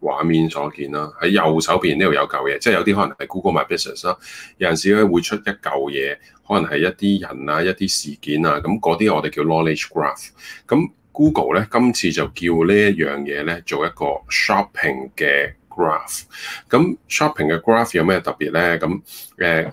畫面所見啦，喺右手邊呢度有嚿嘢，即係有啲可能係 Google My Business 啦，有陣時咧會出一嚿嘢，可能係一啲人啊、一啲事件啊，咁嗰啲我哋叫 Knowledge Graph。咁 Google 咧今次就叫呢一樣嘢咧做一個 Shopping 嘅 Graph。咁 Shopping 嘅 Graph 有咩特別咧？咁誒，呃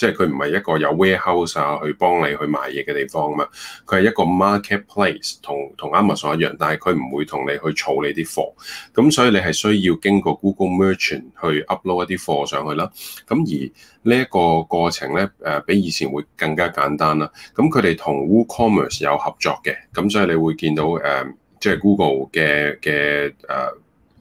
即係佢唔係一個有 warehouse 啊，去幫你去賣嘢嘅地方啊嘛，佢係一個 marketplace 同同 Amazon 一樣，但係佢唔會同你去儲你啲貨，咁所以你係需要經過 Google Merchant 去 upload 一啲貨上去啦。咁而呢一個過程咧，誒、呃、比以前會更加簡單啦。咁佢哋同 WooCommerce 有合作嘅，咁所以你會見到誒，即係 Google 嘅嘅誒，就是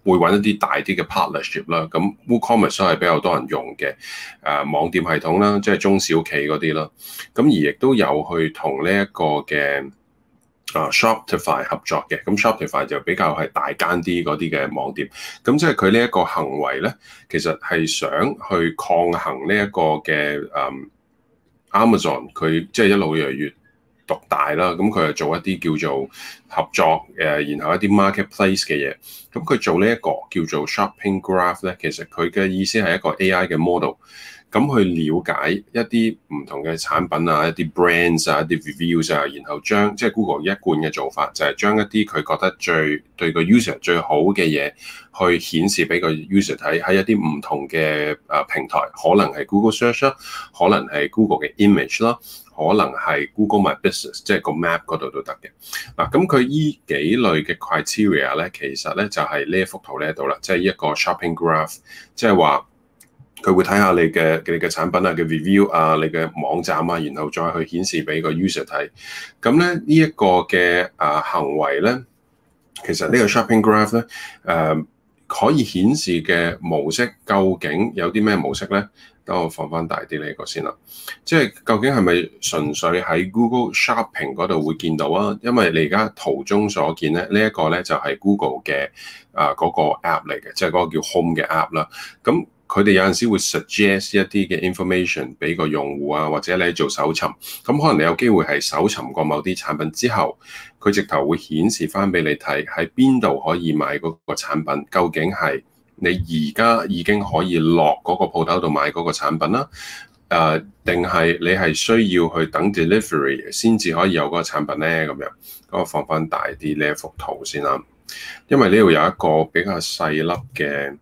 會揾一啲大啲嘅 partnership 啦，咁 WooCommerce 係比較多人用嘅，誒、呃、網店系統啦，即係中小企嗰啲啦，咁而亦都有去同呢一個嘅啊 Shopify 合作嘅，咁 Shopify 就比較係大間啲嗰啲嘅網店，咁即係佢呢一個行為咧，其實係想去抗衡呢一個嘅誒、嗯、Amazon，佢即係一路一越嚟越獨大啦，咁佢又做一啲叫做合作，誒，然後一啲 marketplace 嘅嘢。咁佢做呢、這、一個叫做 shopping graph 咧，其實佢嘅意思係一個 AI 嘅 model，咁去了解一啲唔同嘅產品啊，一啲 brands 啊，一啲 reviews 啊，然後將即係、就是、Google 一貫嘅做法，就係、是、將一啲佢覺得最對個 user 最好嘅嘢，去顯示俾個 user 睇，喺一啲唔同嘅誒平台，可能係 Google search 啦，可能係 Google 嘅 image 啦。可能係 Google My Business，即係個 Map 嗰度都得嘅。嗱，咁佢依幾類嘅 criteria 咧，其實咧就係呢一幅圖咧度啦，即係一個 Shopping Graph，即係話佢會睇下你嘅你嘅產品啊、嘅 review 啊、你嘅網站啊，然後再去顯示俾個 user 睇。咁咧呢一個嘅啊、呃、行為咧，其實個呢個 Shopping Graph 咧，誒、呃。可以顯示嘅模式究竟有啲咩模式呢？等我放翻大啲呢一個先啦。即係究竟係咪純粹喺 Google Shopping 嗰度會見到啊？因為你而家圖中所見咧，呢一個呢，這個、就係 Google 嘅啊嗰個 App 嚟嘅，即係嗰個叫 Home 嘅 App 啦。咁。佢哋有陣時會 suggest 一啲嘅 information 俾個用戶啊，或者你做搜尋，咁、嗯、可能你有機會係搜尋過某啲產品之後，佢直頭會顯示翻俾你睇喺邊度可以買嗰個產品，究竟係你而家已經可以落嗰個鋪頭度買嗰個產品啦、啊，誒、呃，定係你係需要去等 delivery 先至可以有嗰個產品呢？咁樣，咁我放翻大啲呢一幅圖先啦，因為呢度有一個比較細粒嘅。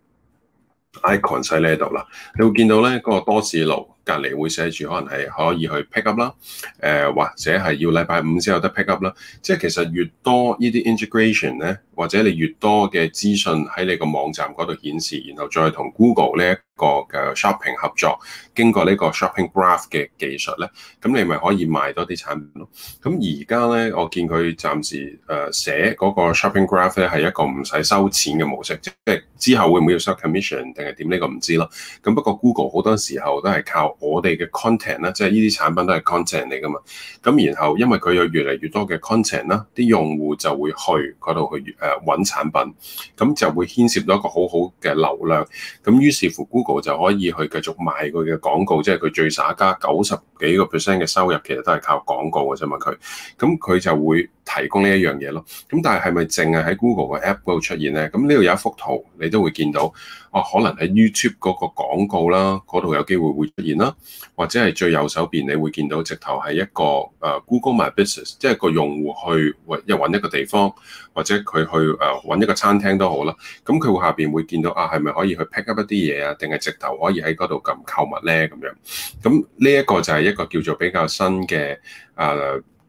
icon 喺呢度啦，你會見到咧嗰個多士爐。隔離會寫住可能係可以去 pick up 啦，呃，誒或者係要禮拜五先有得 pick up 啦。即係其實越多呢啲 integration 咧，或者你越多嘅資訊喺你個網站嗰度顯示，然後再同 Google 呢一個嘅 shopping 合作，經過呢個 shopping graph 嘅技術咧，咁你咪可以賣多啲產品咯。咁而家咧，我見佢暫時誒寫嗰個 shopping graph 咧係一個唔使收錢嘅模式，即係之後會唔會要收 commission 定係點呢？個唔知咯。咁不過 Google 好多時候都係靠。我哋嘅 content 咧，即係呢啲產品都係 content 嚟噶嘛。咁然後因為佢有越嚟越多嘅 content 啦，啲用戶就會去嗰度去誒揾產品，咁就會牽涉到一個好好嘅流量。咁於是乎 Google 就可以去繼續賣佢嘅廣告，即係佢最耍家九十幾個 percent 嘅收入其實都係靠廣告嘅啫嘛，佢咁佢就會提供呢一樣嘢咯。咁但係係咪淨係喺 Google 嘅 App 度出現咧？咁呢度有一幅圖，你都會見到。啊，可能喺 YouTube 嗰個廣告啦，嗰度有機會會出現啦，或者係最右手邊，你會見到直頭係一個誒、uh, Google My Business，即係個用戶去揾一個地方，或者佢去誒、uh, 揾一個餐廳都好啦。咁佢下邊會見到啊，係咪可以去 pick up 一啲嘢啊？定係直頭可以喺嗰度撳購物咧咁樣？咁呢一個就係、是。一個叫做比較新嘅啊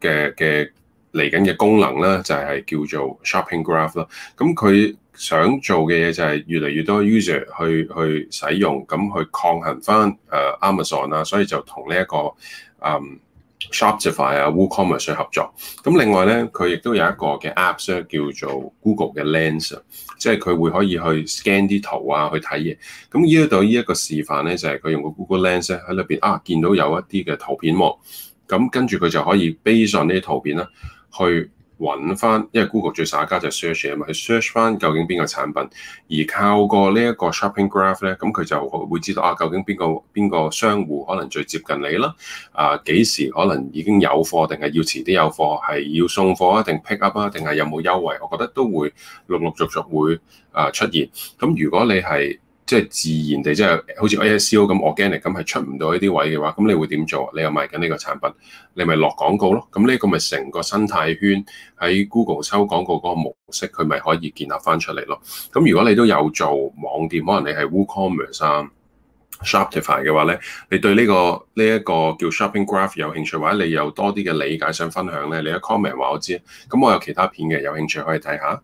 嘅嘅嚟緊嘅功能咧，就係、是、叫做 Shopping Graph 咯、啊。咁佢想做嘅嘢就係越嚟越多 user 去去使用，咁去抗衡翻誒 Amazon 啦。所以就同呢一個嗯。Shopify 啊，WooCommerce 合作，咁另外咧，佢亦都有一個嘅 Apps、啊、叫做 Google 嘅 Lens，即係佢會可以去 scan 啲圖啊，去睇嘢。咁依一度呢一個示範咧，就係、是、佢用個 Google Lens 咧喺裏邊啊，見到有一啲嘅圖片喎，咁跟住佢就可以 based on 呢啲圖片啦、啊，去。搵翻，因為 Google 最耍家就係 search 啊嘛，去 search 翻究竟邊個產品，而靠過呢一個 shopping graph 咧，咁佢就會知道啊，究竟邊個邊個商戶可能最接近你啦，啊幾時可能已經有貨，定係要遲啲有貨，係要送貨啊，定 pick up 啊，定係有冇優惠，我覺得都會陸陸續續會啊出現。咁、啊、如果你係，即係自然地，即係好似 ASCO 咁 organic 咁，係出唔到呢啲位嘅話，咁你會點做？你又賣緊呢個產品，你咪落廣告咯。咁呢一個咪成個生態圈喺 Google 收廣告嗰個模式，佢咪可以建立翻出嚟咯。咁如果你都有做網店，可能你係 WooCommerce 啊，Shopify 嘅話咧，你對呢、呢個呢一、呢個叫 Shopping Graph 有興趣，或者你有多啲嘅理解想分享咧，你阿 comment 話我，我知。咁我有其他片嘅，有興趣可以睇下。